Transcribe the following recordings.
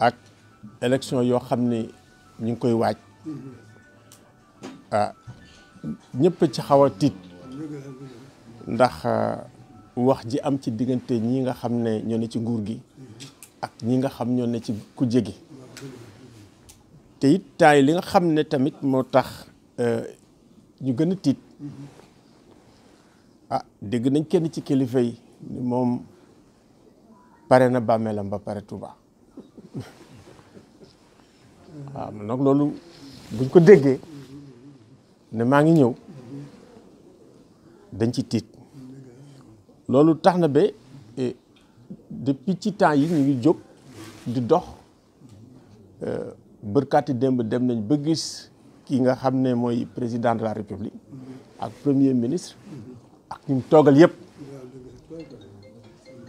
ak élection yoo xam ni ñu ngi koy waaj ah ñëpp ci xaw a tiit ndax ah, wax ji am ci diggante ñi nga xam ne ñoo ne ci nguur gi ak ñi nga xam ñoo ne ci kujje gi te it taay li nga xam ne tamit moo tax eh, ñu gën a tiit ah dégg nañ kenn ci kilifa yi moom pare na bàmmeelam ba pare Touba waaw nag loolu buñ ko déggee ne maa ngi ñëw dañ ci tiit loolu tax na ba eh, depuis ci temps yi ñu ngi jóg di dox eh, bërkaati démb dem nañ ba gis ki nga xam ne mooy président de la république ak premier ministre ak ñu toogal yëpp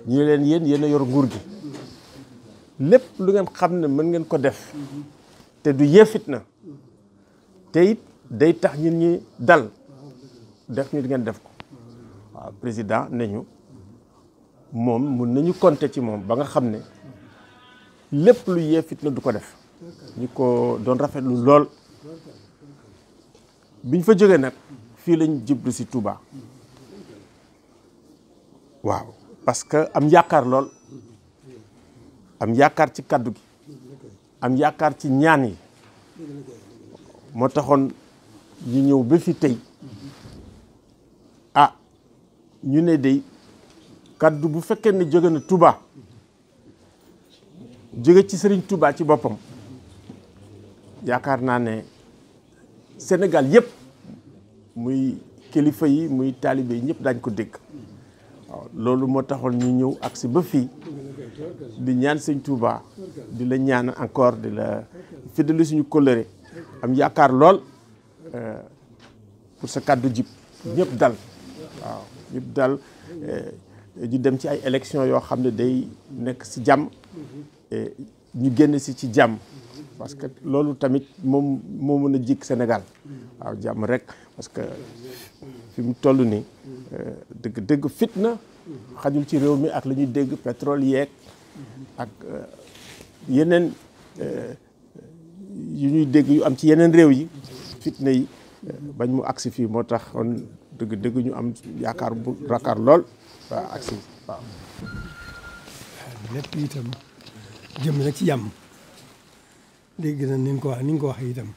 ñu leen yéen yéen a yor nguur gi lépp lu ngeen xam ne mën ngeen ko def te du yëfit na tey it day tax ñun ñi dal def ñu ngeen def ko waaw président nañu moom mun nañu konte ci moom ba nga xam ne lépp lu yëfit na du ko def ñu ko doon rafet lu lool biñ fa jógee nag fii lañ jublu si Touba waaw parce am yaakaar lool am yaakaar ci kàddu gi am yaakaar ci ñaan yi moo taxoon ñu ñëw ba fi tey ah ñu ne day kàddu bu fekkee ne jóge na tubaa jóge ci sëriñ tubaa ci boppam yaakaar naa ne senegal yëpp muy kilifa yi muy taalibe yi ñëpp dañ ko dégg loolu moo taxoon ñu ñëw agsi ba fii di ñaan sëñ Touba di la ñaan encore di la fidelu suñu kóllëre am yaakaar lool euh, pour sa kàddu jib ñëpp dal waaw ñëpp dal ñu euh, dem ci ay élection yoo xam ne day nekk si jàmm euh, ñu génn si ci jàmm parce que loolu tamit moom moo mën a jik Sénégal waaw jàmm rek parce que fi mu toll nii dëgg dëgg fitna xajul ci réew mi ak la ñuy dégg pétrole yeeg ak euh, yeneen euh, yu ñuy dégg yu am ci yeneen réew yi fitna yi euh, bañ mu agsi fii moo tax on dëgg ñu am yaakaar bu rakaar lool waaw agsi waaw lépp itam jëm nag ci jàmm dégg na ni ko wax ni ko wax itam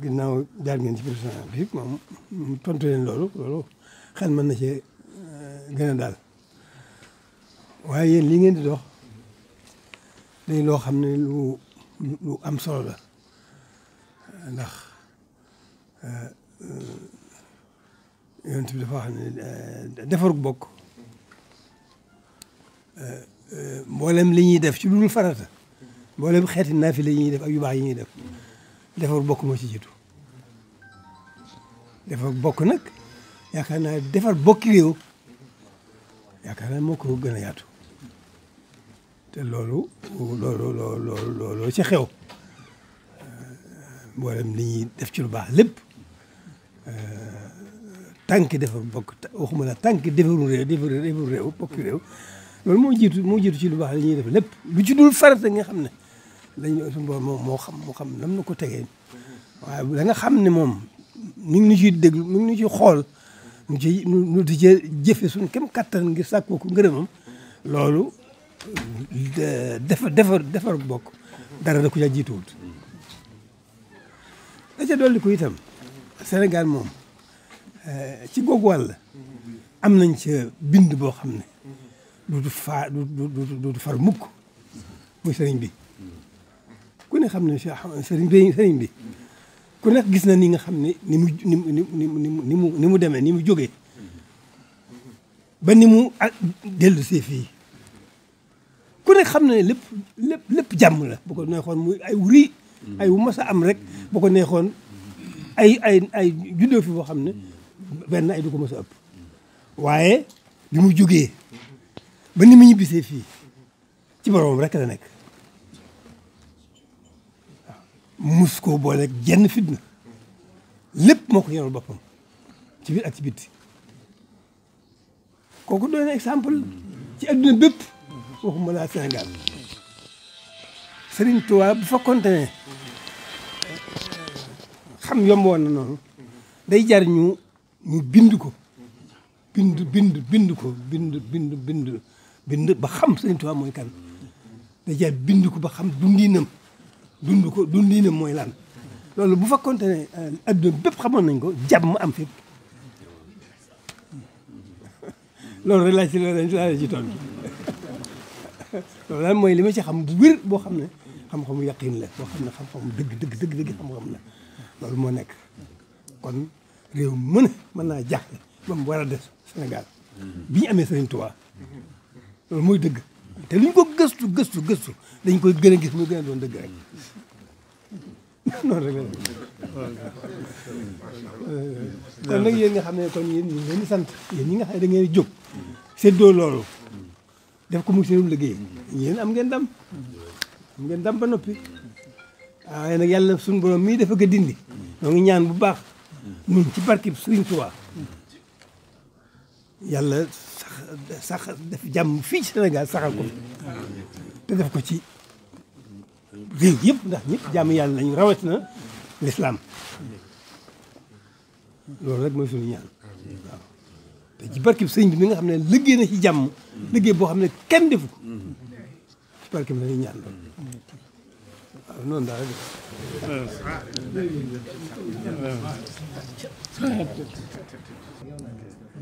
ginnaaw jaar ngeen ci président bi moom tontu leen loolu loolu xel man na ci euh, gën daal waaye yéen li ngeen di dox day loo xam ne lu lu am solo la ndax euh, euh, yonent bi dafa bokk mboolem li ñuy def ci lu dul farata mboolem xeeti naafila yi ñuy def ak yu baax yi ñuy def defarug moo ci jiitu defarug bokk nag yaakaar naa defar bokki réew yaakaar naa moo ko gën yaatu te loolu loolu loolu loolu ci xew mboolem li ñuy def ci lu baax lépp tànki defar bokk waxuma la tànki defaru réew defaru réew bokki loolu moo jiitu moo jiitu ci lu baax li ñuy def lépp lu ci dul farata nga xam ne dañ suñu moo xam moo xam nam na ko tegee la xam ne moom ñu ngi ñu ciy déglu ñu ngi ñu xool ñu ci ñu di ci kem kattan ngi sàkkoo ko ngërëmam loolu defar defar defar bokk dara ku ko ca jiituwut da ca dolli ko itam senegal moom eh, ci googu wàll am nañ ca bind boo xam ne duutu faa far mukk muy sëriñ bi ku ne xam ne sëriñ bi sëriñ bi ku nekk gis na ni nga xam ne ni mu ni mu ni mu ni mu ni mu demee mu jógee ba ni mu ak dellu see fii ku nekk xam na ne lépp lépp lépp jàmm la bu ko neexoon muy ay wuri ay wu mas a am rek bu ko neexoon ay ay ay juddoo fi boo xam ne benn ay du ko mas a ëpp waaye bi mu jógee ba ni mu ñibbisee fii ci boroom rek la nekk mus koo jenn fitna lépp moo ko yoral boppam ci biir ak ci biti kooku doon exemple ci adduna bépp waxuma laa Sénégal Serigne Touba bu fekkoonte ne xam yomb woon na noonu day jar ñu ñu bind ko bind bind bind ko bind bind bind ba xam Serigne mooy kan day jar bind ko ba xam dundinam dund ko dundinam mooy lan loolu bu fekkoonte ne euh, adduna bépp xamoon nañ ko jàmm am fépp loolu rek laa ci loolu laa la ci loolu daal mooy li ma ci xam bu wér boo xam ne xam-xamu yaqin la boo xam ne xam-xamu dëgg dëgg dëgg dëgg xam-xam la loolu moo nekk kon réew mën a mën naa jaaxle ba mu war a des Sénégal mm-hmm. bi amee Sëriñ Tuubaa loolu mooy dëgg te lu ñu ko gëstu gëstu gëstu dañ koy gën a gis mu gën a doon dëgg rek noonu rek la kon nag yéen nga xam ne kon yéen ñu leen di sant yéen ñi nga xam ne da ngeen jóg seddoo loolu def ko mu seenum liggéey yéen am ngeen dam am ngeen dam ba noppi waaye nag yàlla suñu borom mii dafa ko dindi ñoo ngi ñaan bu baax ñun ci barkib Sëriñ Tuubaa yàlla sax def jàmm fii ci Sénégal saxal ko te def ko ci réew yëpp ndax ñëpp jàmm yàlla nañu rawatina lislaam loolu rek mooy suñu ñaan waaw te ci barkeb sëñ bi mi xam ne liggéey na ci jàmm liggéey boo xam ne kenn defu ko ci barkeb la ñaan